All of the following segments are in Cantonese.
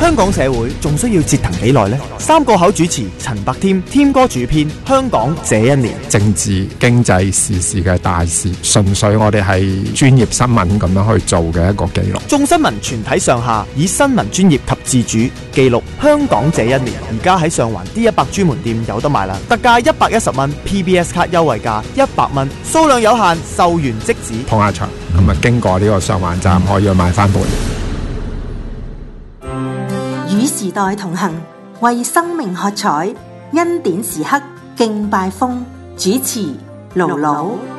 香港社會仲需要折騰幾耐呢？三個口主持陳百添，添哥主編《香港這一年》，政治經濟時事嘅大事，純粹我哋係專業新聞咁樣去做嘅一個記錄。眾新聞全體上下以新聞專業及自主記錄香港這一年。而家喺上環 D100 專門店有得賣啦，特價一百一十蚊，P B S 卡優惠價一百蚊，數量有限，售完即止。捧下場，咁啊、嗯、經過呢個上環站，嗯、可以去買翻本。與時代同行，為生命喝彩，恩典時刻敬拜風。主持：盧盧。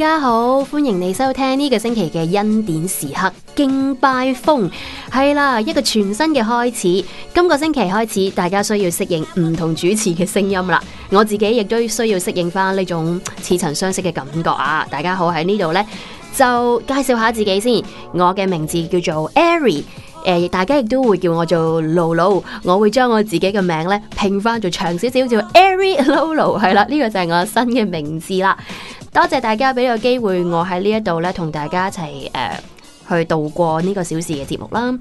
大家好，歡迎你收聽呢個星期嘅恩典時刻敬拜風，係啦，一個全新嘅開始。今個星期開始，大家需要適應唔同主持嘅聲音啦。我自己亦都需要適應翻呢種似曾相識嘅感覺啊。大家好，喺呢度呢，就介紹下自己先，我嘅名字叫做 Ery，誒、呃，大家亦都會叫我做 Lolo，我會將我自己嘅名呢拼翻做長少少叫 Ery Lolo，係啦，呢、這個就係我新嘅名字啦。多謝大家俾個機會我，我喺呢一度咧同大家一齊誒、呃、去度過呢個小時嘅節目啦。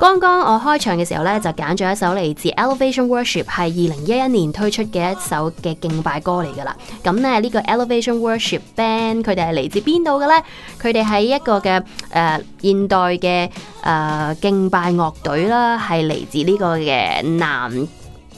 剛剛我開場嘅時候咧，就揀咗一首嚟自 Elevation Worship 係二零一一年推出嘅一首嘅敬拜歌嚟噶啦。咁咧呢個 Elevation Worship Band 佢哋係嚟自邊度嘅呢？佢哋係一個嘅誒、呃、現代嘅誒、呃、敬拜樂隊啦，係嚟自呢個嘅南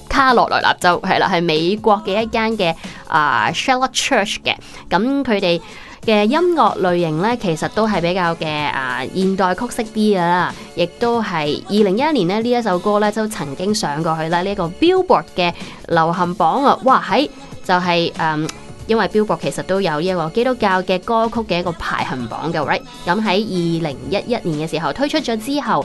卡洛來納州係啦，係美國嘅一間嘅啊 Shelach Church 嘅，咁佢哋嘅音樂類型呢，其實都係比較嘅啊現代曲式啲噶啦，亦都係二零一一年呢，呢一首歌呢，就曾經上過去啦呢一個 Billboard 嘅流行榜啊，哇喺、哎、就係、是、誒、嗯，因為 Billboard 其實都有呢一個基督教嘅歌曲嘅一個排行榜嘅，好、right? 啦，咁喺二零一一年嘅時候推出咗之後。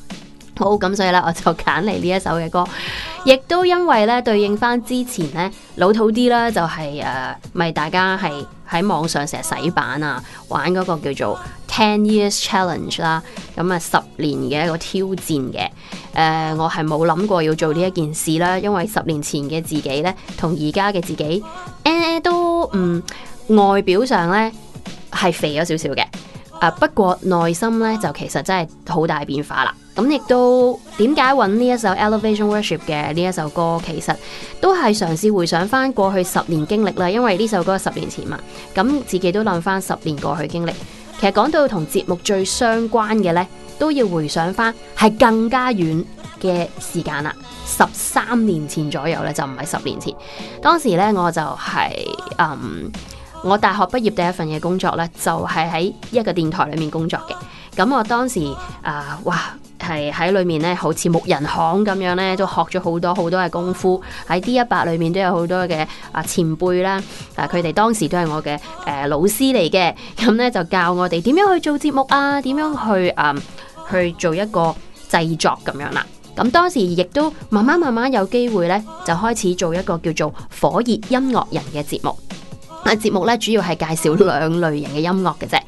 好咁，所以咧，我就揀嚟呢一首嘅歌，亦都因為咧對應翻之前咧老土啲啦、就係，就係誒，咪大家係喺網上成日洗版啊，玩嗰個叫做 Ten Years Challenge 啦，咁、嗯、啊十年嘅一個挑戰嘅，誒、呃，我係冇諗過要做呢一件事啦，因為十年前嘅自己咧，同而家嘅自己誒、呃、都唔、嗯、外表上咧係肥咗少少嘅。啊！不過內心呢就其實真係好大變化啦。咁亦都點解揾呢一首《Elevation Worship》嘅呢一首歌？其實都係嘗試回想翻過去十年經歷啦。因為呢首歌係十年前嘛，咁自己都諗翻十年過去經歷。其實講到同節目最相關嘅呢，都要回想翻係更加遠嘅時間啦。十三年前左右呢，就唔係十年前。當時呢，我就係、是、嗯。我大學畢業第一份嘅工作咧，就係、是、喺一個電台裏面工作嘅。咁我當時啊、呃，哇，係喺裏面咧，好似木人巷咁樣咧，都學咗好多好多嘅功夫。喺 D100 裏面都有好多嘅啊前輩啦，啊佢哋當時都係我嘅誒、呃、老師嚟嘅。咁、嗯、咧就教我哋點樣去做節目啊，點樣去誒、呃、去做一個製作咁樣啦。咁當時亦都慢慢慢慢有機會咧，就開始做一個叫做《火熱音樂人》嘅節目。啊！節目咧，主要係介紹兩類型嘅音樂嘅啫，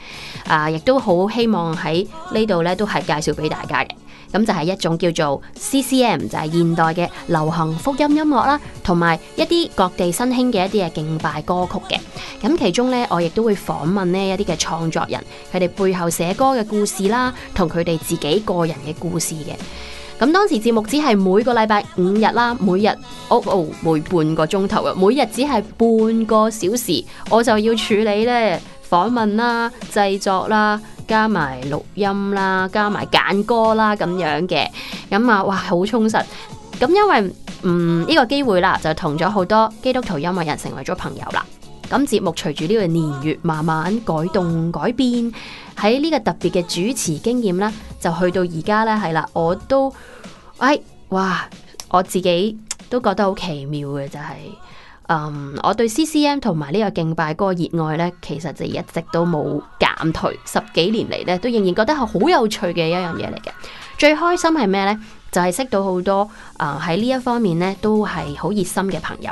啊，亦都好希望喺呢度咧都係介紹俾大家嘅。咁就係一種叫做 CCM，就係現代嘅流行福音音樂啦，同埋一啲各地新興嘅一啲嘅敬拜歌曲嘅。咁其中咧，我亦都會訪問呢一啲嘅創作人，佢哋背後寫歌嘅故事啦，同佢哋自己個人嘅故事嘅。咁當時節目只係每個禮拜五日啦，每日哦、哦每半個鐘頭嘅，每日只係半個小時，我就要處理咧訪問啦、製作啦、加埋錄音啦、加埋揀歌啦咁樣嘅。咁啊，哇，好充實。咁因為嗯呢個機會啦，就同咗好多基督徒音樂人成為咗朋友啦。咁節目隨住呢個年月慢慢改動、改變，喺呢個特別嘅主持經驗啦，就去到而家咧係啦，我都。哎，哇！我自己都覺得好奇妙嘅就係、是，嗯，我對 CCM 同埋呢個敬拜歌嘅熱愛呢，其實就一直都冇減退。十幾年嚟呢，都仍然覺得係好有趣嘅一樣嘢嚟嘅。最開心係咩呢？就係、是、識到好多啊喺呢一方面呢都係好熱心嘅朋友。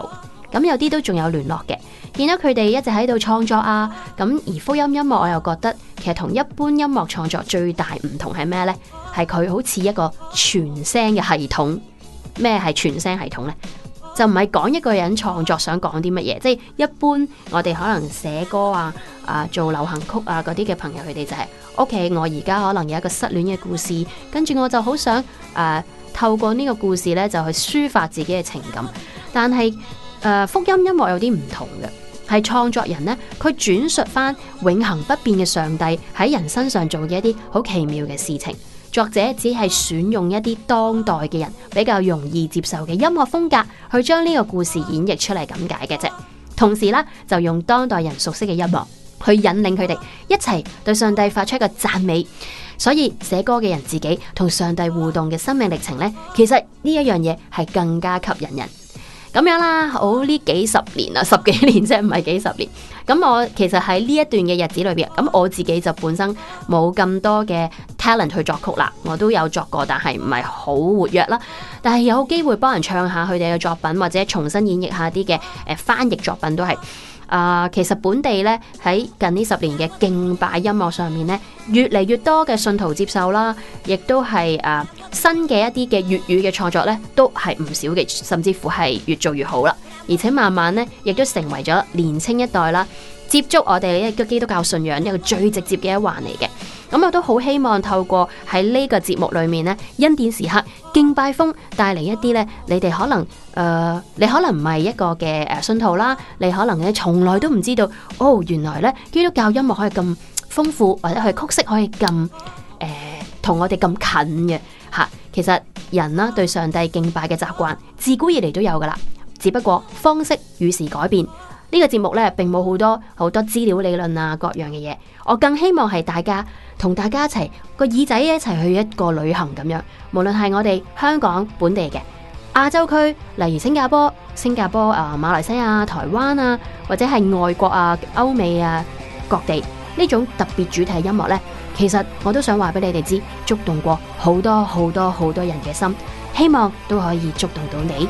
咁有啲都仲有聯絡嘅，見到佢哋一直喺度創作啊。咁而福音音樂我又覺得其實同一般音樂創作最大唔同係咩呢？係佢好似一個全聲嘅系統，咩係全聲系統呢？就唔係講一個人創作想講啲乜嘢，即、就、係、是、一般我哋可能寫歌啊，啊做流行曲啊嗰啲嘅朋友、就是，佢哋就係 OK，我而家可能有一個失戀嘅故事，跟住我就好想誒、啊、透過呢個故事呢，就去抒發自己嘅情感。但係誒、啊、福音音樂有啲唔同嘅，係創作人呢，佢轉述翻永恆不變嘅上帝喺人身上做嘅一啲好奇妙嘅事情。作者只係選用一啲當代嘅人比較容易接受嘅音樂風格，去將呢個故事演繹出嚟咁解嘅啫。同時啦，就用當代人熟悉嘅音樂去引領佢哋一齊對上帝發出一個讚美。所以寫歌嘅人自己同上帝互動嘅生命歷程咧，其實呢一樣嘢係更加吸引人。咁樣啦，好，呢幾十年啊，十幾年啫、就是，唔係幾十年。咁我其實喺呢一段嘅日子裏邊，咁我自己就本身冇咁多嘅 talent 去作曲啦。我都有作過，但係唔係好活躍啦。但係有機會幫人唱下佢哋嘅作品，或者重新演繹下啲嘅誒翻譯作品都係。啊、呃，其實本地咧喺近呢十年嘅敬拜音樂上面咧，越嚟越多嘅信徒接受啦，亦都係啊、呃、新嘅一啲嘅粵語嘅創作咧，都係唔少嘅，甚至乎係越做越好啦。而且慢慢咧，亦都成為咗年青一代啦，接觸我哋嘅一個基督教信仰一個最直接嘅一環嚟嘅。咁、嗯、我都好希望透過喺呢個節目裏面呢，恩典時刻，敬拜風帶嚟一啲咧，你哋可能誒、呃，你可能唔係一個嘅信徒啦，你可能嘅從來都唔知道，哦，原來咧基督教音樂可以咁豐富，或者佢曲式可以咁誒，同、呃、我哋咁近嘅吓、啊。其實人啦、啊、對上帝敬拜嘅習慣自古以嚟都有噶啦，只不過方式與時改變。呢個節目咧，並冇好多好多資料理論啊，各樣嘅嘢。我更希望係大家同大家一齊個耳仔一齊去一個旅行咁樣。無論係我哋香港本地嘅亞洲區，例如新加坡、新加坡啊、馬來西亞、台灣啊，或者係外國啊、歐美啊各地，呢種特別主題音樂呢，其實我都想話俾你哋知，觸動過好多好多好多人嘅心，希望都可以觸動到你。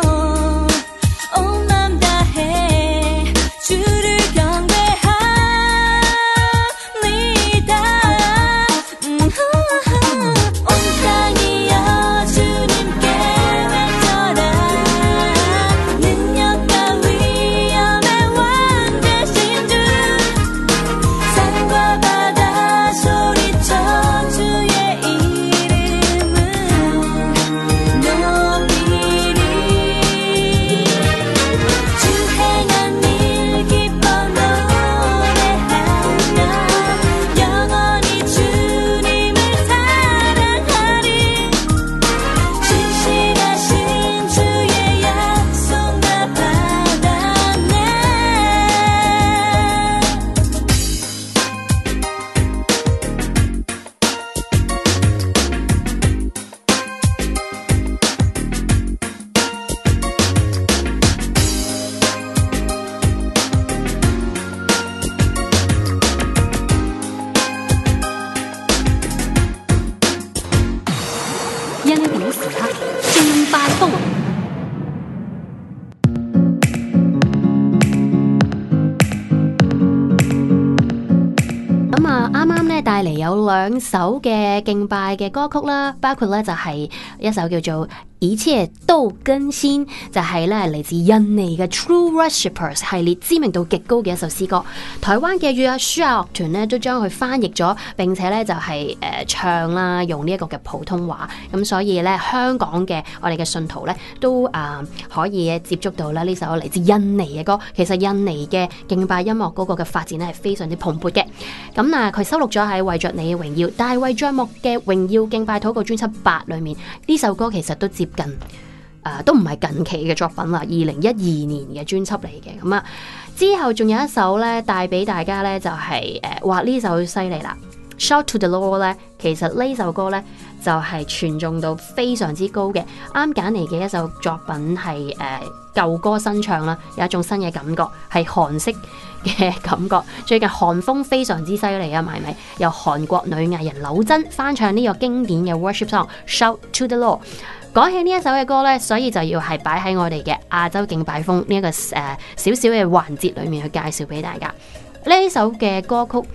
兩首嘅敬拜嘅歌曲啦，包括咧就係一首叫做《一切》。都更新就係咧，嚟自印尼嘅 True Worshipers 系列，知名度極高嘅一首詩歌。台灣嘅粵啊書啊樂團咧，都將佢翻譯咗，並且咧就係、是、誒、呃、唱啦，用呢一個嘅普通話咁，所以咧香港嘅我哋嘅信徒咧都啊、呃、可以接觸到啦呢首嚟自印尼嘅歌。其實印尼嘅敬拜音樂嗰個嘅發展咧係非常之蓬勃嘅。咁嗱、啊，佢收錄咗喺《為着你嘅榮耀》，大衛張牧嘅《榮耀敬拜禱告》專輯八裏面呢首歌，其實都接近。啊、呃，都唔係近期嘅作品啦，二零一二年嘅專輯嚟嘅。咁啊，之後仲有一首咧，帶俾大家咧，就係、是、誒、呃，哇呢首犀利啦！《Shout to the Law》咧，其實呢首歌咧就係、是、傳頌到非常之高嘅，啱揀嚟嘅一首作品係誒、呃、舊歌新唱啦，有一種新嘅感覺，係韓式嘅感覺。最近韓風非常之犀利啊，係咪？由韓國女藝人柳珍翻唱呢個經典嘅《Worship Song》《Shout to the Law》。講起呢一首嘅歌呢，所以就要係擺喺我哋嘅亞洲勁擺風呢一、這個誒、uh，小小嘅環節裡面去介紹俾大家呢首嘅歌曲。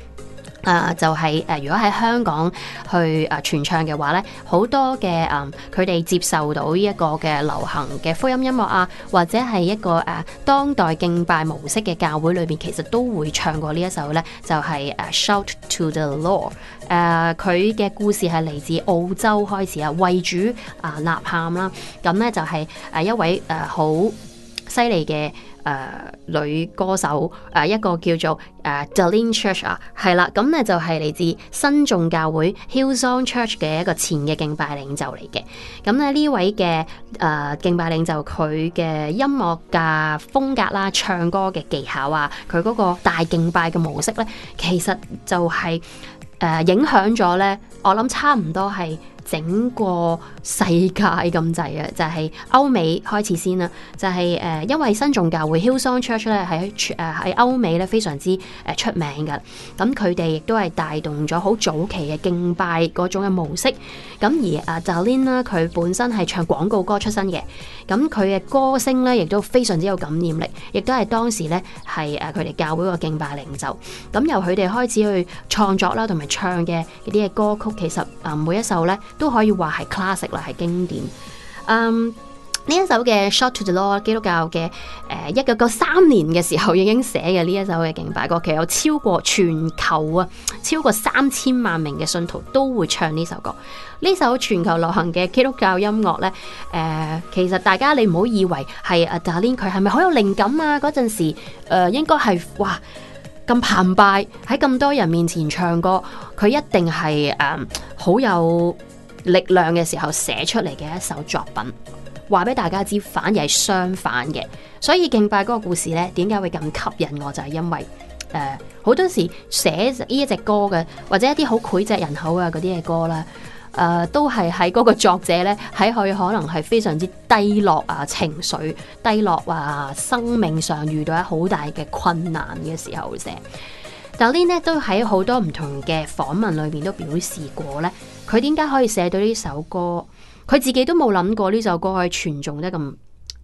誒、啊、就係、是、誒、啊，如果喺香港去誒傳、啊、唱嘅話咧，好多嘅誒，佢、啊、哋接受到呢一個嘅流行嘅福音音樂啊，或者係一個誒、啊、當代敬拜模式嘅教會裏邊，其實都會唱過呢一首咧，就係、是、誒、啊、Shout to the Lord。佢嘅故事係嚟自澳洲開始啊，為主啊吶喊啦。咁咧就係、是、誒、啊、一位誒、啊、好犀利嘅。誒、呃、女歌手誒、呃、一個叫做誒、呃、Darlene Church 啊，係啦，咁咧就係嚟自新眾教會 Hillsong Church 嘅一個前嘅敬拜領袖嚟嘅。咁咧呢位嘅誒、呃、敬拜領袖佢嘅音樂嘅風格啦、啊、唱歌嘅技巧啊、佢嗰個大敬拜嘅模式咧，其實就係、是、誒、呃、影響咗咧。我諗差唔多係，整個世界咁滯啊！就係歐美開始先啦，就係誒，因為新宗教會 Hillsong Church 咧，喺誒喺歐美咧非常之誒出名噶。咁佢哋亦都係帶動咗好早期嘅敬拜嗰種嘅模式。咁而阿 Darlene 啦，佢本身係唱廣告歌出身嘅，咁佢嘅歌聲咧亦都非常之有感染力，亦都係當時咧係誒佢哋教會個敬拜領袖。咁由佢哋開始去創作啦，同埋唱嘅嗰啲嘅歌曲，其實啊每一首咧。都可以話係 classic 啦，係經典。嗯，呢一首嘅《Shout to the Lord》，基督教嘅誒，一九九三年嘅時候已經寫嘅呢一首嘅敬拜歌，其實有超過全球啊，超過三千萬名嘅信徒都會唱呢首歌。呢首全球流行嘅基督教音樂呢，誒、呃，其實大家你唔好以為係阿、啊、Darlene 佢係咪好有靈感啊？嗰陣時誒、呃，應該係哇咁澎湃，喺咁多人面前唱歌，佢一定係誒、呃、好有力量嘅時候寫出嚟嘅一首作品，話俾大家知，反而係相反嘅。所以敬拜嗰個故事呢，點解會咁吸引我？就係、是、因為誒，好、呃、多時寫呢一隻歌嘅，或者一啲好膾炙人口啊嗰啲嘅歌啦，誒、呃，都係喺嗰個作者呢，喺佢可能係非常之低、低落啊，情緒低落，啊生命上遇到一好大嘅困難嘅時候寫。但 Lin 呢 l 都喺好多唔同嘅訪問裏面都表示過呢。佢點解可以寫到呢首歌？佢自己都冇諗過呢首歌可以傳頌得咁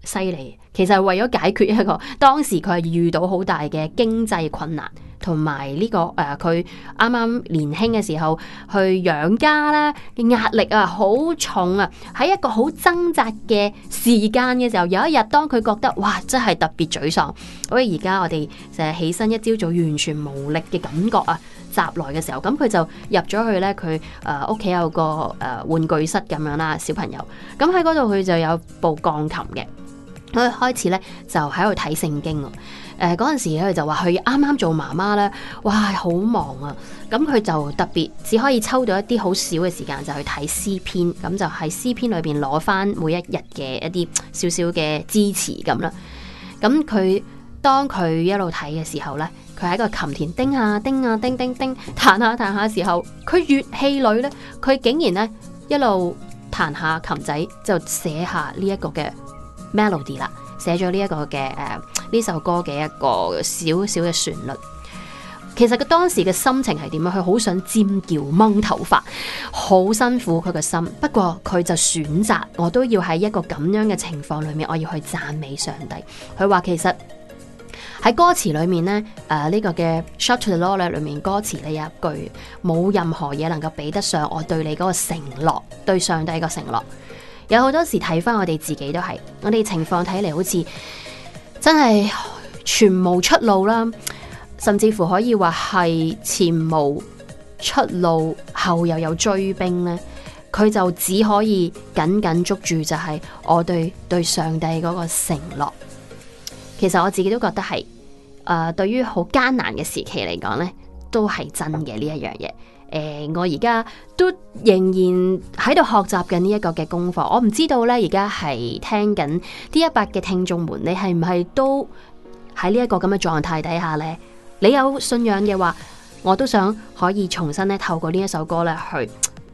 犀利。其實係為咗解決一個當時佢係遇到好大嘅經濟困難，同埋呢個誒佢啱啱年輕嘅時候去養家咧嘅壓力啊，好重啊！喺一個好掙扎嘅時間嘅時候，有一日當佢覺得哇，真係特別沮喪，好似而家我哋成日起身一朝早完全無力嘅感覺啊！集來嘅時候，咁佢就入咗去咧，佢、誒，屋企有個誒、呃、玩具室咁樣啦，小朋友，咁喺嗰度佢就有部鋼琴嘅，佢開始咧就喺度睇聖經啊，誒，嗰陣時咧佢就話佢啱啱做媽媽咧，哇好忙啊，咁佢就特別只可以抽到一啲好少嘅時間就去睇詩篇，咁就喺詩篇裏邊攞翻每一日嘅一啲少少嘅支持咁啦，咁佢當佢一路睇嘅時候咧。佢喺一個琴田叮下叮啊叮叮叮彈下彈下嘅時候，佢越氣餒咧，佢竟然咧一路彈下琴仔就寫下呢一個嘅 melody 啦，寫咗呢一個嘅誒呢首歌嘅一個小小嘅旋律。其實佢當時嘅心情係點啊？佢好想尖叫掹頭髮，好辛苦佢個心。不過佢就選擇，我都要喺一個咁樣嘅情況裏面，我要去讚美上帝。佢話其實。喺歌詞裏面咧，誒、呃、呢、呢個嘅《Shout to the Lord》裏面歌詞咧有一句，冇任何嘢能夠比得上我對你嗰個承諾，對上帝個承諾。有好多時睇翻我哋自己都係，我哋情況睇嚟，好似真係全無出路啦，甚至乎可以話係前無出路，後又有追兵咧。佢就只可以緊緊捉住，就係我對對上帝嗰個承諾。其實我自己都覺得係，誒、呃，對於好艱難嘅時期嚟講呢都係真嘅呢一樣嘢。誒、呃，我而家都仍然喺度學習緊呢一個嘅功課。我唔知道呢，而家係聽緊呢一百嘅聽眾們，你係唔係都喺呢一個咁嘅狀態底下呢？你有信仰嘅話，我都想可以重新呢透過呢一首歌呢去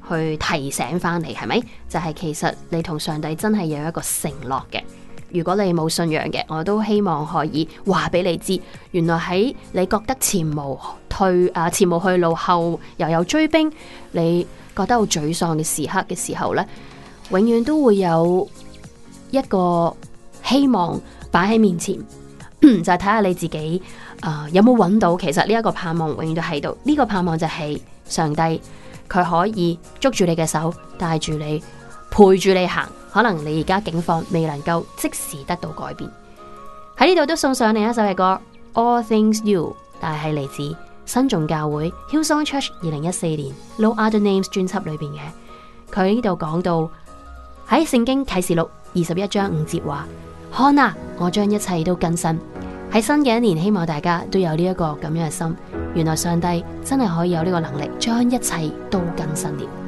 去提醒翻你，係咪？就係、是、其實你同上帝真係有一個承諾嘅。如果你冇信仰嘅，我都希望可以話俾你知，原來喺你覺得前無退啊，前無去路，後又有追兵，你覺得好沮喪嘅時刻嘅時候呢，永遠都會有一個希望擺喺面前， 就係睇下你自己啊、呃、有冇揾到。其實呢一個盼望永遠都喺度，呢、這個盼望就係上帝佢可以捉住你嘅手，帶住你陪住你行。可能你而家境況未能夠即時得到改變，喺呢度都送上另一首嘅歌《All Things You》，但係嚟自新眾教會 Hillsong Church 二零一四年《No Other Names》專輯裏邊嘅。佢呢度講到喺聖經啟示錄二十一章五節話：看啊，我將一切都更新。喺新嘅一年，希望大家都有呢、這、一個咁樣嘅心。原來上帝真係可以有呢個能力，將一切都更新了。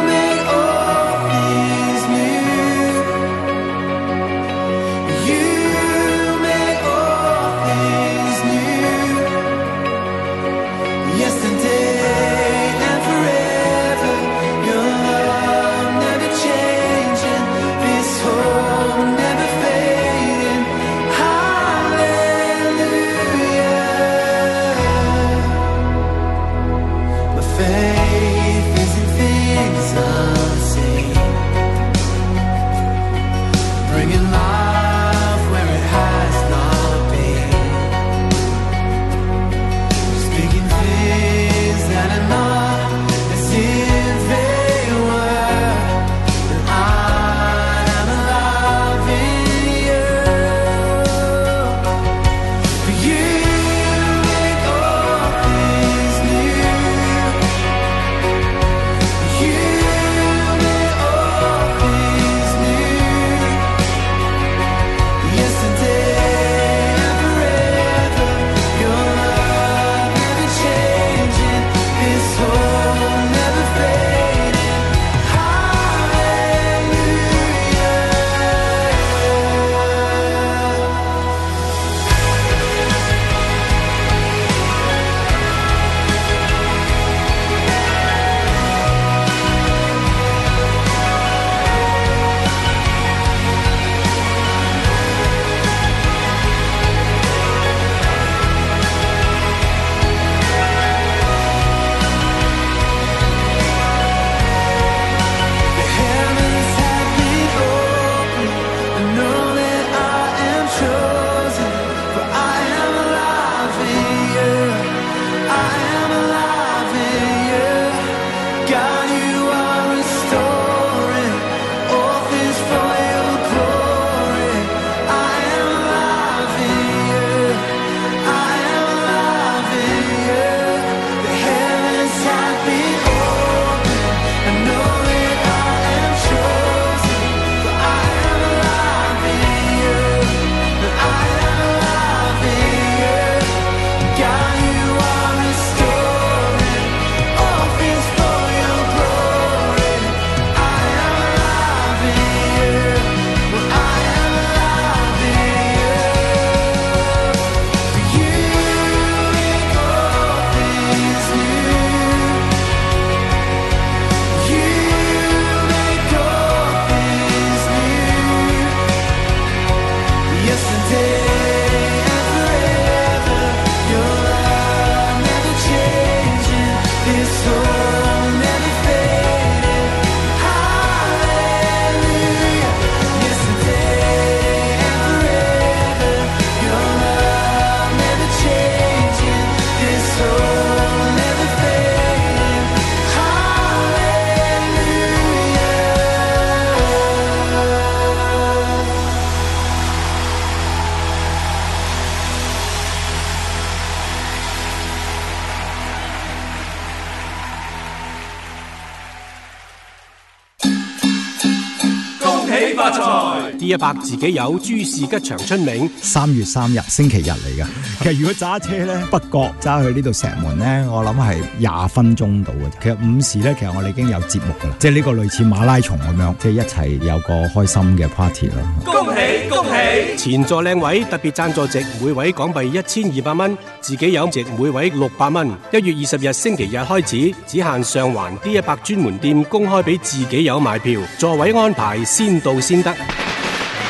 一百自己有，諸事吉祥春明。三月三日星期日嚟嘅， 其實如果揸車呢，不過揸去呢度石門呢，我諗係廿分鐘到嘅。其實午時呢，其實我哋已經有節目㗎啦，即係呢個類似馬拉松咁樣，即係一齊有個開心嘅 party 啦。恭喜恭喜！前座靚位特別贊助席，每位港幣一千二百蚊；自己有席，每位六百蚊。一月二十日星期日開始，只限上環 D 一百專門店公開俾自己有買票，座位安排先到先得。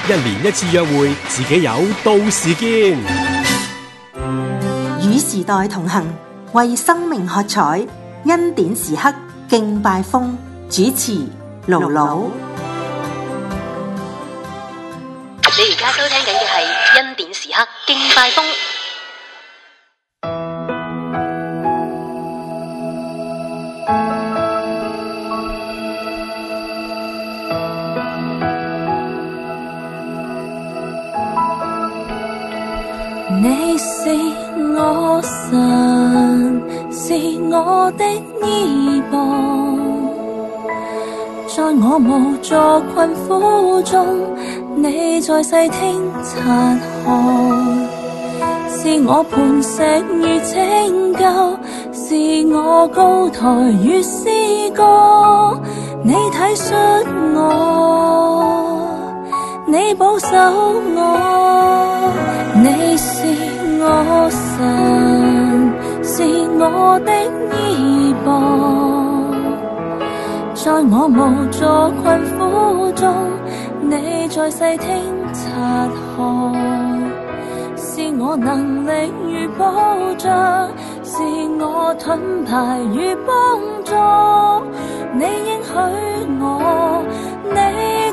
一年一次約會，自己有到時見。與時代同行，為生命喝彩。恩典時刻敬拜風，主持盧盧。盧盧你而家收聽緊嘅係恩典時刻敬拜風。你是我神，是我的倚傍，在我無助困苦中，你在細聽察看，是我磐石與拯救，是我高台與詩歌，你體恤我，你保守我。你是我神，是我的倚傍，在我無助困苦中，你在細聽察看，是我能力如保障，是我盾牌如幫助，你應許我。你。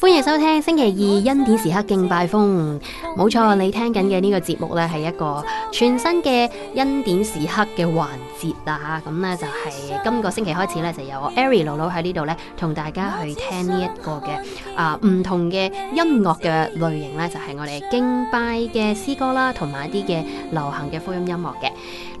歡迎收聽星期二恩典時刻敬拜風，冇 Okay. 錯，你聽緊嘅呢個節目咧係一個全新嘅恩典時刻嘅環節啦吓，咁、嗯、呢就係、是、今個星期開始呢就有我 Eric 姥姥喺呢度呢同大家去聽呢一個嘅啊唔同嘅音樂嘅類型呢就係、是、我哋敬拜嘅詩歌啦，同埋一啲嘅流行嘅福音音樂嘅、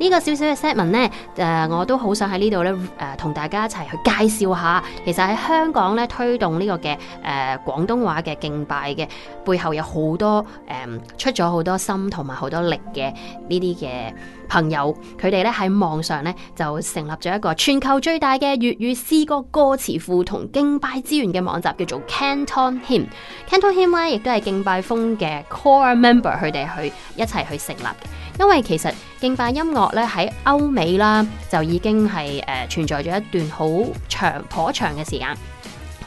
這個、呢個少少嘅 segment，誒，我都好想喺呢度呢誒同大家一齊去介紹下，其實喺香港呢推動呢個嘅誒。呃廣東話嘅敬拜嘅背後有好多誒、嗯、出咗好多心同埋好多力嘅呢啲嘅朋友，佢哋咧喺網上咧就成立咗一個全球最大嘅粵語詩歌歌詞庫同敬拜資源嘅網站，叫做 CantonHymn。CantonHymn 咧亦都係敬拜風嘅 Core Member，佢哋去一齊去成立嘅。因為其實敬拜音樂咧喺歐美啦，就已經係誒、呃、存在咗一段好長、頗長嘅時間。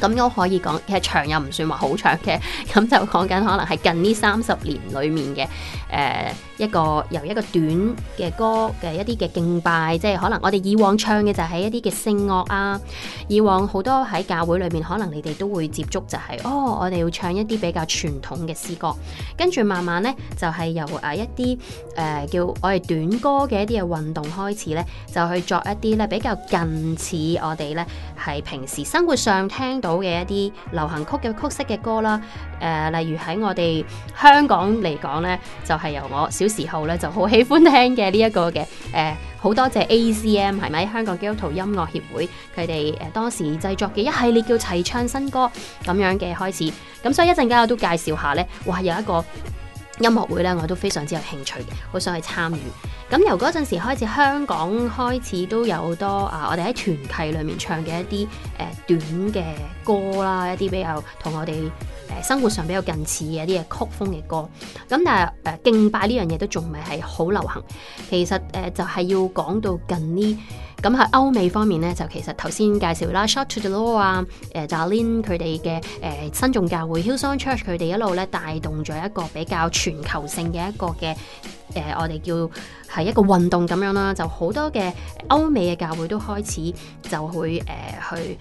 咁都可以講，其實長又唔算話好長嘅，咁就講緊可能係近呢三十年裡面嘅誒。呃一個由一個短嘅歌嘅一啲嘅敬拜，即係可能我哋以往唱嘅就係一啲嘅聖樂啊，以往好多喺教會裏面可能你哋都會接觸就係、是、哦，我哋要唱一啲比較傳統嘅詩歌，跟住慢慢咧就係、是、由誒一啲誒、呃、叫我哋短歌嘅一啲嘅運動開始咧，就去作一啲咧比較近似我哋咧係平時生活上聽到嘅一啲流行曲嘅曲式嘅歌啦，誒、呃、例如喺我哋香港嚟講咧，就係、是、由我小。時候咧就好喜歡聽嘅呢一個嘅，誒、呃、好多謝 ACM 係咪香港基督徒音樂協會佢哋誒當時製作嘅一系列叫齊唱新歌咁樣嘅開始，咁所以一陣間我都介紹下呢，哇有一個音樂會呢，我都非常之有興趣，嘅，好想去參與。咁由嗰陣時開始，香港開始都有多啊，我哋喺團契裏面唱嘅一啲誒、呃、短嘅歌啦，一啲比較同我哋。生活上比較近似嘅啲嘢曲風嘅歌，咁但係誒、呃、敬拜呢樣嘢都仲未係好流行。其實誒、呃、就係、是、要講到近呢，咁喺歐美方面咧，就其實頭先介紹啦，Shout to the Lord 啊，誒、呃、Darlene 佢哋嘅誒新、呃、眾教會 Hillsong Church 佢哋一路咧帶動咗一個比較全球性嘅一個嘅誒、呃、我哋叫係一個運動咁樣啦，就好多嘅歐美嘅教會都開始就會誒、呃、去。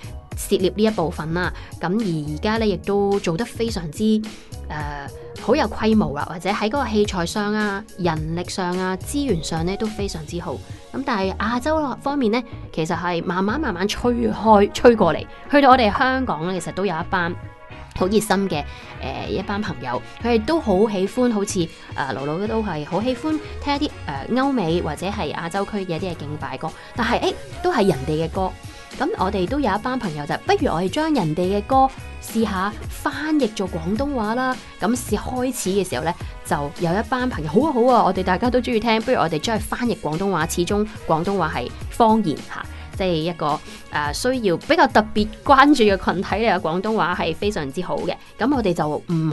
涉獵呢一部分啦，咁而而家咧亦都做得非常之誒好、呃、有規模啦，或者喺嗰個器材上啊、人力上啊、資源上咧都非常之好。咁但係亞洲方面咧，其實係慢慢慢慢吹開、吹過嚟，去到我哋香港咧，其實都有一班好熱心嘅誒、呃、一班朋友，佢哋都好喜歡，好似誒老老都係好喜歡聽一啲誒、呃、歐美或者係亞洲區嘅一啲嘅勁快歌，但係誒、欸、都係人哋嘅歌。咁我哋都有一班朋友就是，不如我哋將人哋嘅歌試下翻譯做廣東話啦。咁試開始嘅時候呢，就有一班朋友，好啊好啊，我哋大家都鍾意聽，不如我哋將去翻譯廣東話，始終廣東話係方言嚇。即係一個誒、呃、需要比較特別關注嘅群體嚟嘅，廣東話係非常之好嘅。咁我哋就唔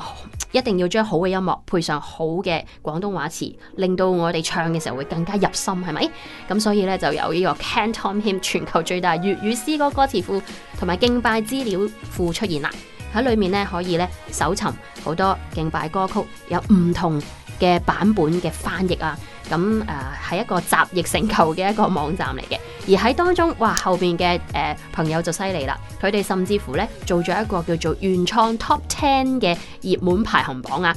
一定要將好嘅音樂配上好嘅廣東話詞，令到我哋唱嘅時候會更加入心，係咪？咁所以呢，就有呢個 CantonHymn 全球最大粵語詩歌歌詞庫同埋敬拜資料庫出現啦。喺裡面呢，可以呢搜尋好多敬拜歌曲，有唔同。嘅版本嘅翻譯啊，咁誒係一個集腋成裘嘅一個網站嚟嘅，而喺當中，哇後邊嘅誒朋友就犀利啦，佢哋甚至乎呢做咗一個叫做原創 Top Ten 嘅熱門排行榜啊！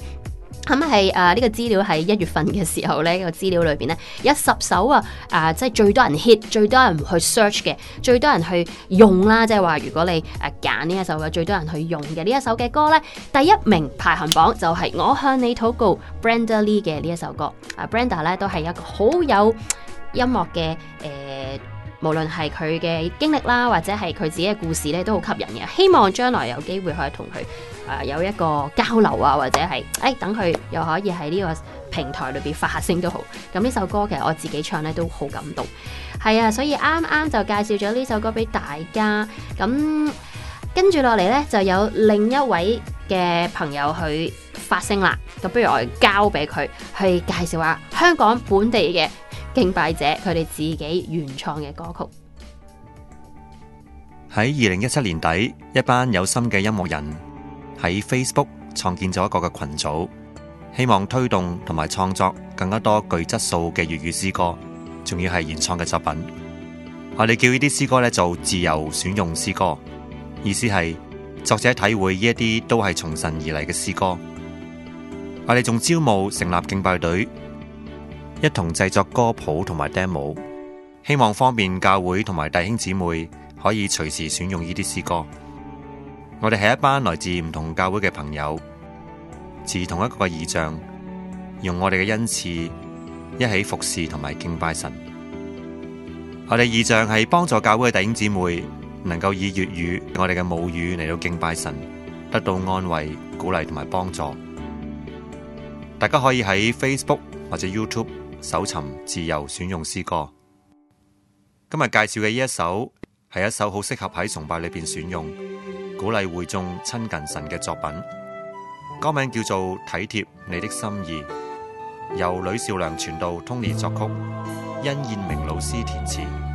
咁係誒呢個資料喺一月份嘅時候呢，這個資料裏邊呢，有十首啊，誒、啊、即係最多人 hit、最多人去 search 嘅、最多人去用啦，即係話如果你誒揀呢一首嘅最多人去用嘅呢一首嘅歌呢，第一名排行榜就係我向你禱告，Brenda Lee 嘅呢一首歌，啊 Brenda 呢都係一個好有音樂嘅誒。呃無論係佢嘅經歷啦，或者係佢自己嘅故事咧，都好吸引嘅。希望將來有機會可以同佢誒有一個交流啊，或者係誒、哎、等佢又可以喺呢個平台裏邊發聲都好。咁呢首歌其實我自己唱咧都好感動，係啊。所以啱啱就介紹咗呢首歌俾大家。咁跟住落嚟呢，就有另一位嘅朋友去發聲啦。咁不如我哋交俾佢去介紹下香港本地嘅。敬拜者，佢哋自己原創嘅歌曲。喺二零一七年底，一班有心嘅音樂人喺 Facebook 創建咗一個嘅群組，希望推動同埋創作更加多具質素嘅粵語詩歌，仲要係原創嘅作品。我哋叫呢啲詩歌咧做自由選用詩歌，意思係作者體會呢一啲都係從神而嚟嘅詩歌。我哋仲招募成立敬拜隊。一同製作歌譜同埋 demo，希望方便教會同埋弟兄姊妹可以隨時選用呢啲詩歌。我哋係一班來自唔同教會嘅朋友，持同一個異象，用我哋嘅恩賜一起服侍同埋敬拜神。我哋異象係幫助教會嘅弟兄姊妹能夠以粵語我哋嘅母語嚟到敬拜神，得到安慰、鼓勵同埋幫助。大家可以喺 Facebook 或者 YouTube，搜尋自由選用詩歌，今日介紹嘅呢一首係一首好適合喺崇拜裏邊選用，鼓勵會眾親近神嘅作品。歌名叫做《體貼你的心意》，由呂紹良傳道、Tony 作曲，殷燕明老師填詞。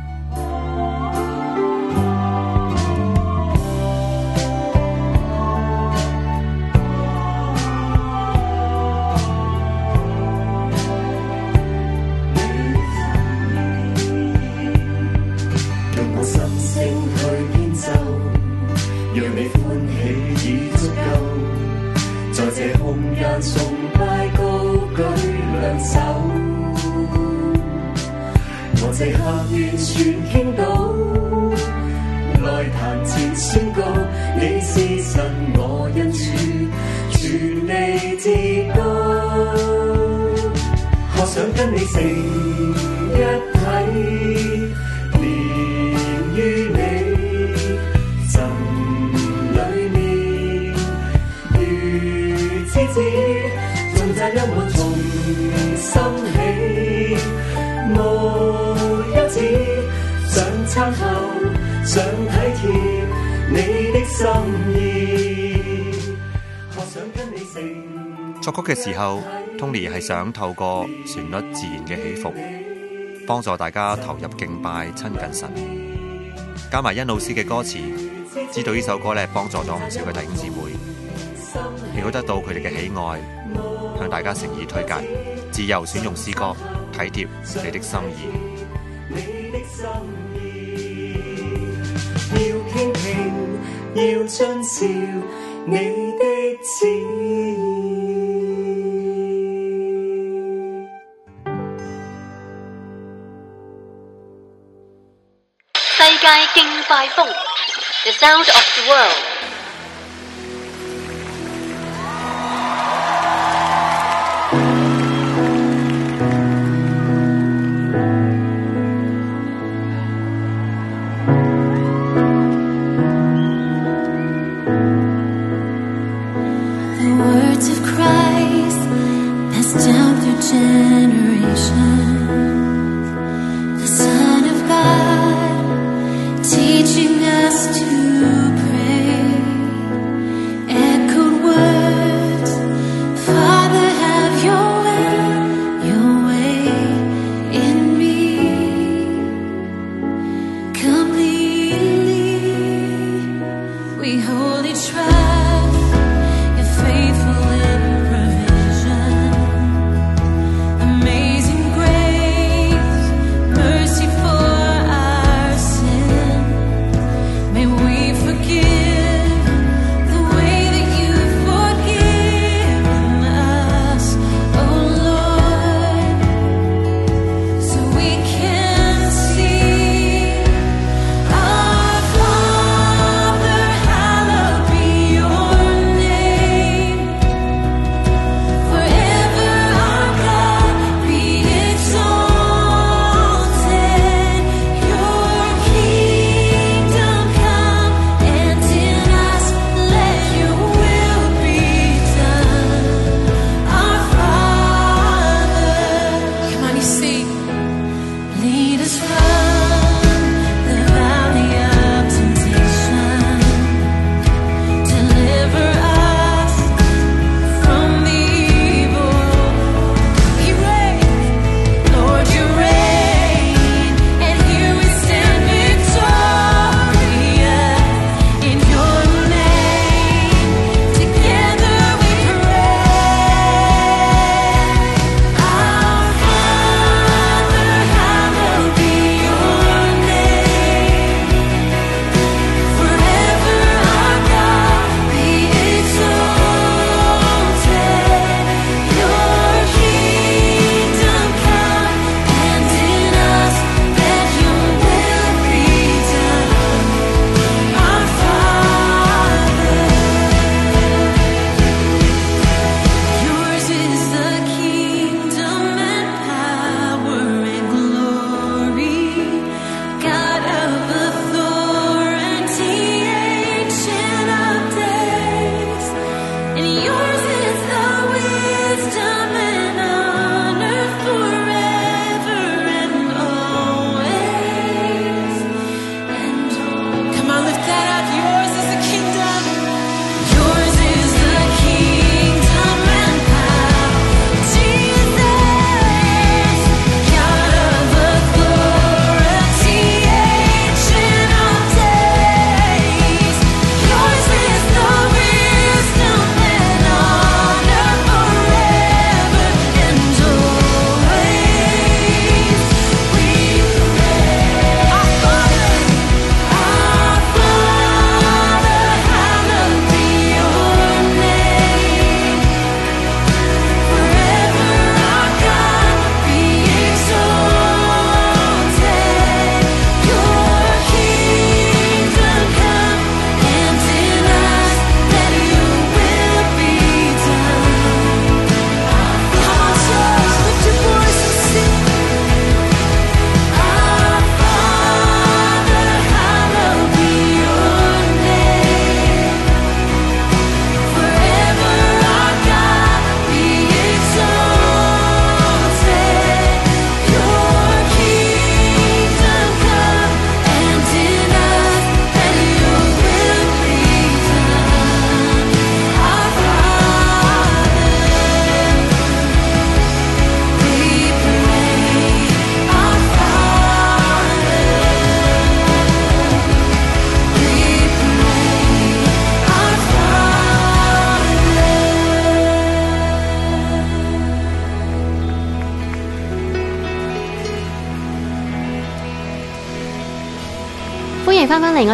但崇拜高舉兩手，我這刻完全傾倒，來彈前宣告，你是神，我恩主，全地之高，我想跟你成一體。每一次想參透想體貼你的心意。作曲嘅時候，Tony 係想透過旋律自然嘅起伏，幫助大家投入敬拜親近神。加埋殷老師嘅歌詞，知道呢首歌咧，幫助咗唔少嘅弟兄姊妹，亦都得到佢哋嘅喜愛。大家誠意推介，自由選用詩歌，體貼你的心意。要傾要盡照你的意。世界勁快風，The sound of the world。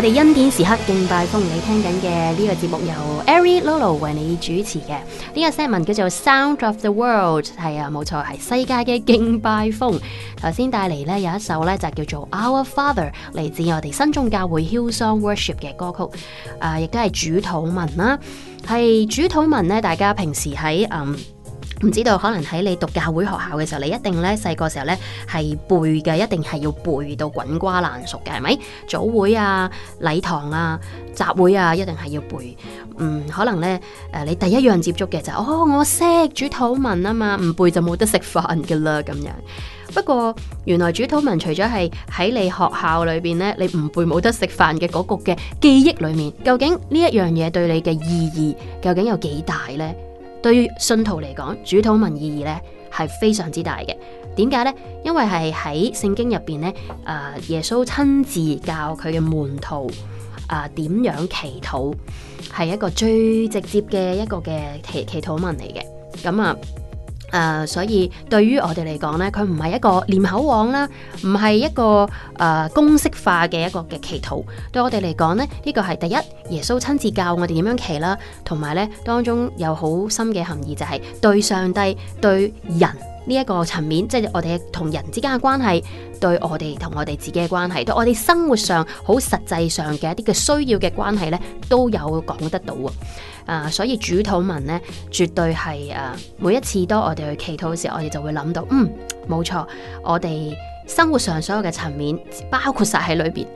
我哋恩典時刻敬拜風，你聽緊嘅呢個節目由 Eri Lolo 為你主持嘅呢、這個 set 文叫做《Sound of the World、啊》錯，係啊，冇錯，係世界嘅敬拜風。頭先帶嚟呢有一首呢，就叫做《Our Father》，嚟自我哋新宗教會 Hillsong worship 嘅歌曲，誒亦都係主禱文啦、啊，係主禱文呢。大家平時喺嗯。唔知道，可能喺你讀教會學校嘅時候，你一定咧細個時候咧係背嘅，一定係要背到滾瓜爛熟嘅，係咪？早會啊、禮堂啊、集會啊，一定係要背。嗯，可能咧誒、呃，你第一樣接觸嘅就哦、是，oh，我識主禱文啊嘛，唔背就冇得食飯嘅啦咁樣。不過原來主禱文除咗係喺你學校裏邊咧，你唔背冇得食飯嘅嗰個嘅記憶裏面，究竟呢一樣嘢對你嘅意義究竟有幾大呢？對於信徒嚟講，主禱文意義咧係非常之大嘅。點解呢？因為係喺聖經入邊咧，啊耶穌親自教佢嘅門徒啊點樣、呃、祈禱，係一個最直接嘅一個嘅祈祈禱文嚟嘅。咁啊。誒，uh, 所以對於我哋嚟講咧，佢唔係一個念口簧啦，唔係一個誒、uh, 公式化嘅一個嘅祈禱。對我哋嚟講咧，呢、這個係第一耶穌親自教我哋點樣祈啦，同埋咧，當中有好深嘅含義，就係對上帝、對人呢一個層面，即、就、係、是、我哋同人之間嘅關係，對我哋同我哋自己嘅關係，對我哋生活上好實際上嘅一啲嘅需要嘅關係咧，都有講得到啊。啊，所以主禱文咧，絕對係誒、啊，每一次當我哋去祈禱嘅時候，我哋就會諗到，嗯，冇錯，我哋生活上所有嘅層面，包括晒喺裏邊，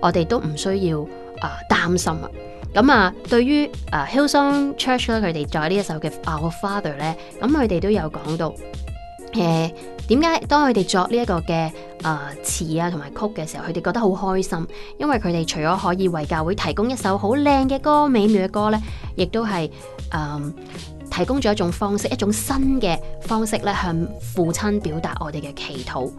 我哋都唔需要啊擔心啊。咁啊，對於誒、啊、Hillsong Church 佢哋在呢一首嘅 Our Father 咧，咁佢哋都有講到誒。呃點解當佢哋作呢一個嘅誒詞啊，同埋曲嘅時候，佢哋覺得好開心，因為佢哋除咗可以為教會提供一首好靚嘅歌、美妙嘅歌呢，亦都係誒、呃、提供咗一種方式、一種新嘅方式咧，向父親表達我哋嘅祈禱。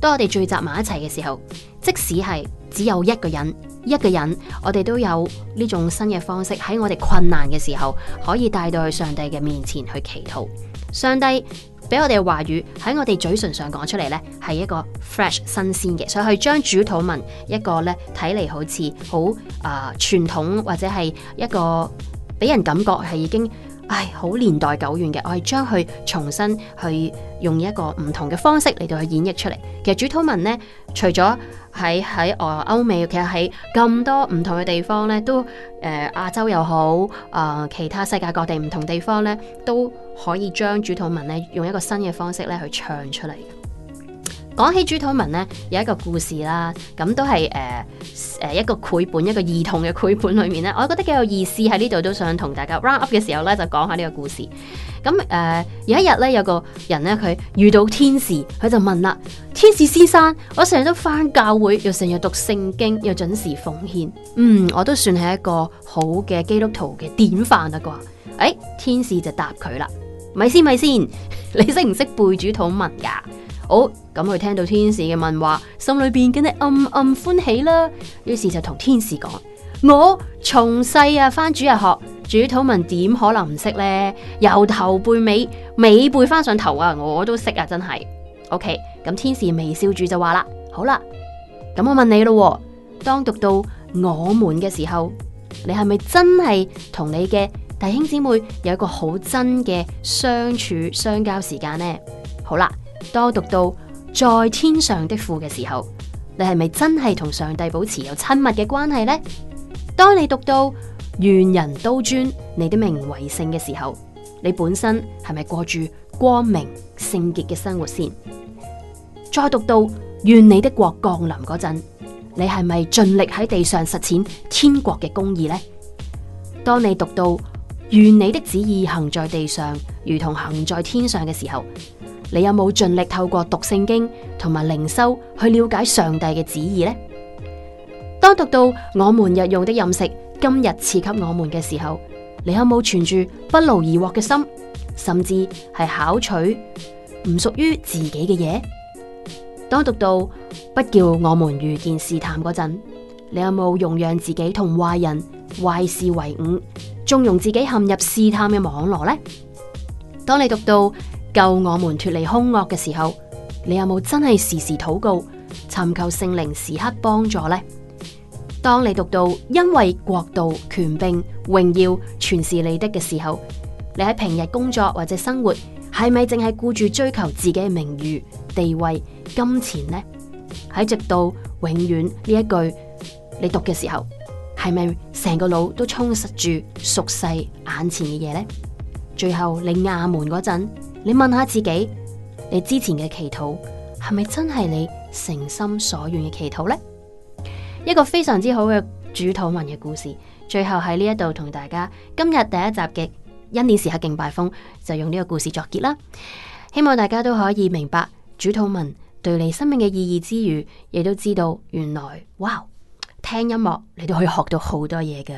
當我哋聚集埋一齊嘅時候，即使係只有一個人、一個人，我哋都有呢種新嘅方式，喺我哋困難嘅時候，可以帶到去上帝嘅面前去祈禱。上帝。俾我哋嘅話語喺我哋嘴唇上講出嚟呢，係一個 fresh 新鮮嘅。所以佢將主土文一個呢，睇嚟好似好啊傳統，或者係一個俾人感覺係已經。唉，好年代久遠嘅，我係將佢重新去用一個唔同嘅方式嚟到去演繹出嚟。其實主套文呢，除咗喺喺外歐美，其實喺咁多唔同嘅地方呢，都誒、呃、亞洲又好啊、呃，其他世界各地唔同地方呢，都可以將主套文呢用一個新嘅方式呢去唱出嚟。講起主禱文呢，有一個故事啦，咁都係誒誒一個繪本，一個兒童嘅繪本裏面咧，我覺得幾有意思。喺呢度，都想同大家 round up 嘅時候咧就講下呢個故事。咁誒、呃、有一日咧，有個人咧，佢遇到天使，佢就問啦：天使先生，我成日都翻教會，又成日讀聖經，又準時奉獻，嗯，我都算係一個好嘅基督徒嘅典範啦啩？誒、哎，天使就答佢啦：咪先咪先，你識唔識背主禱文噶？哦，咁佢、oh，聽到天使嘅問話，心裏邊梗係暗暗歡喜啦。於是就同天使講：我從細啊翻主日學，主禱文點可能唔識呢？由頭背尾，尾背翻上頭啊！我都識啊，真係。OK，咁天使微笑住就話啦：好啦，咁我問你咯，當讀到我們嘅時候，你係咪真係同你嘅弟兄姊妹有一個好真嘅相處相交時間呢？好啦。當讀到在天上的父嘅時候，你係咪真係同上帝保持有親密嘅關係呢？當你讀到願人都尊你的名為聖嘅時候，你本身係咪過住光明聖潔嘅生活先？再讀到願你的國降臨嗰陣，你係咪盡力喺地上實踐天國嘅公義呢？當你讀到願你的旨意行在地上，如同行在天上嘅時候。你有冇盡力透過讀聖經同埋靈修去了解上帝嘅旨意呢？當讀到我們日用的飲食今日賜給我們嘅時候，你有冇存住不勞而獲嘅心，甚至係巧取唔屬於自己嘅嘢？當讀到不叫我們遇見試探嗰陣，你有冇容讓自己同壞人壞事為伍，縱容自己陷入試探嘅網羅呢？當你讀到救我們脫離凶惡嘅時候，你有冇真係時時禱告，尋求聖靈時刻幫助呢？當你讀到因為國度、權柄、榮耀全是你的嘅時候，你喺平日工作或者生活係咪淨係顧住追求自己嘅名譽、地位、金錢呢？喺直到永遠呢一句你讀嘅時候，係咪成個腦都充實住俗世眼前嘅嘢呢？最後你亞門嗰陣。你問下自己，你之前嘅祈禱係咪真係你誠心所願嘅祈禱呢？一個非常之好嘅主禱文嘅故事，最後喺呢一度同大家今日第一集嘅一年時刻敬拜風，就用呢個故事作結啦。希望大家都可以明白主禱文對你生命嘅意義之餘，亦都知道原來哇，聽音樂你都可以學到好多嘢㗎。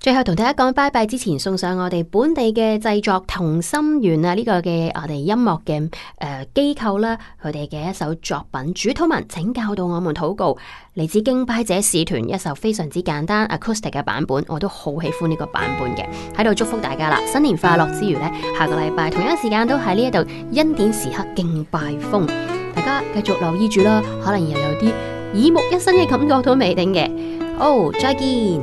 最後同大家講拜拜之前，送上我哋本地嘅製作同心圓啊，呢個嘅我哋音樂嘅誒機構啦，佢哋嘅一首作品《主禱文》，請教導我們禱告，嚟自敬拜者使團一首非常之簡單 acoustic 嘅版本，我都好喜歡呢個版本嘅，喺度祝福大家啦！新年快樂之餘呢，下個禮拜同樣時間都喺呢一度恩典時刻敬拜風，大家繼續留意住啦，可能又有啲耳目一新嘅感覺都未定嘅。哦，再見。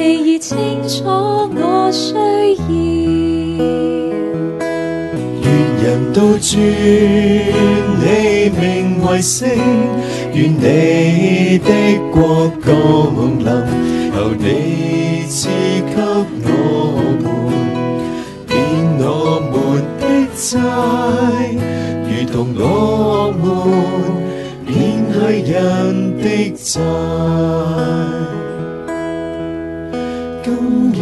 你已清楚我需要，願人都尊你名為聖，願你的國降臨，求你賜給我們，免我們的債，如同我們免去人的債。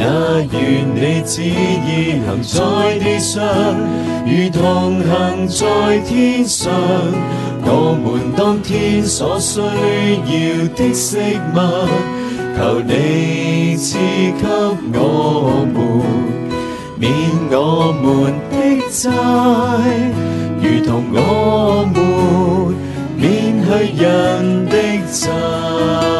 也願你旨意行在地上，如同行在天上。我們當天所需要的食物，求你賜給我們，免我們的債，如同我們免去人的債。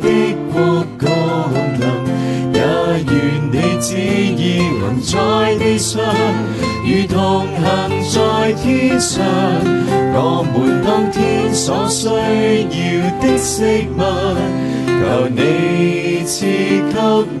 在地上如同行在天上，我們當天所需要的食物，求你賜給。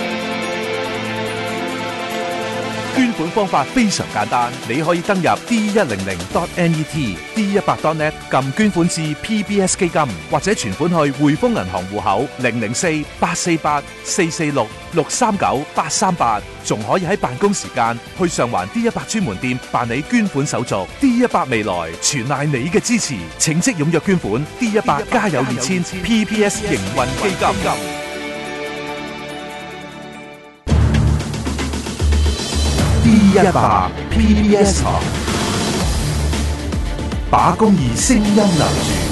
方法非常簡單，你可以登入 d 一零零 .dot.net d 一百 .dot.net 撳捐款至 PBS 基金或者存款去匯豐銀行戶口零零四八四八四四六六三九八三八，仲可以喺辦公時間去上環 D 一百專門店辦理捐款手續。D 一百未來全賴你嘅支持，請即踴躍捐款。D 一百 D 100, 加油二千，PBS 營運基金。基金基金 P 一八 PBS 台，把公義聲音留住。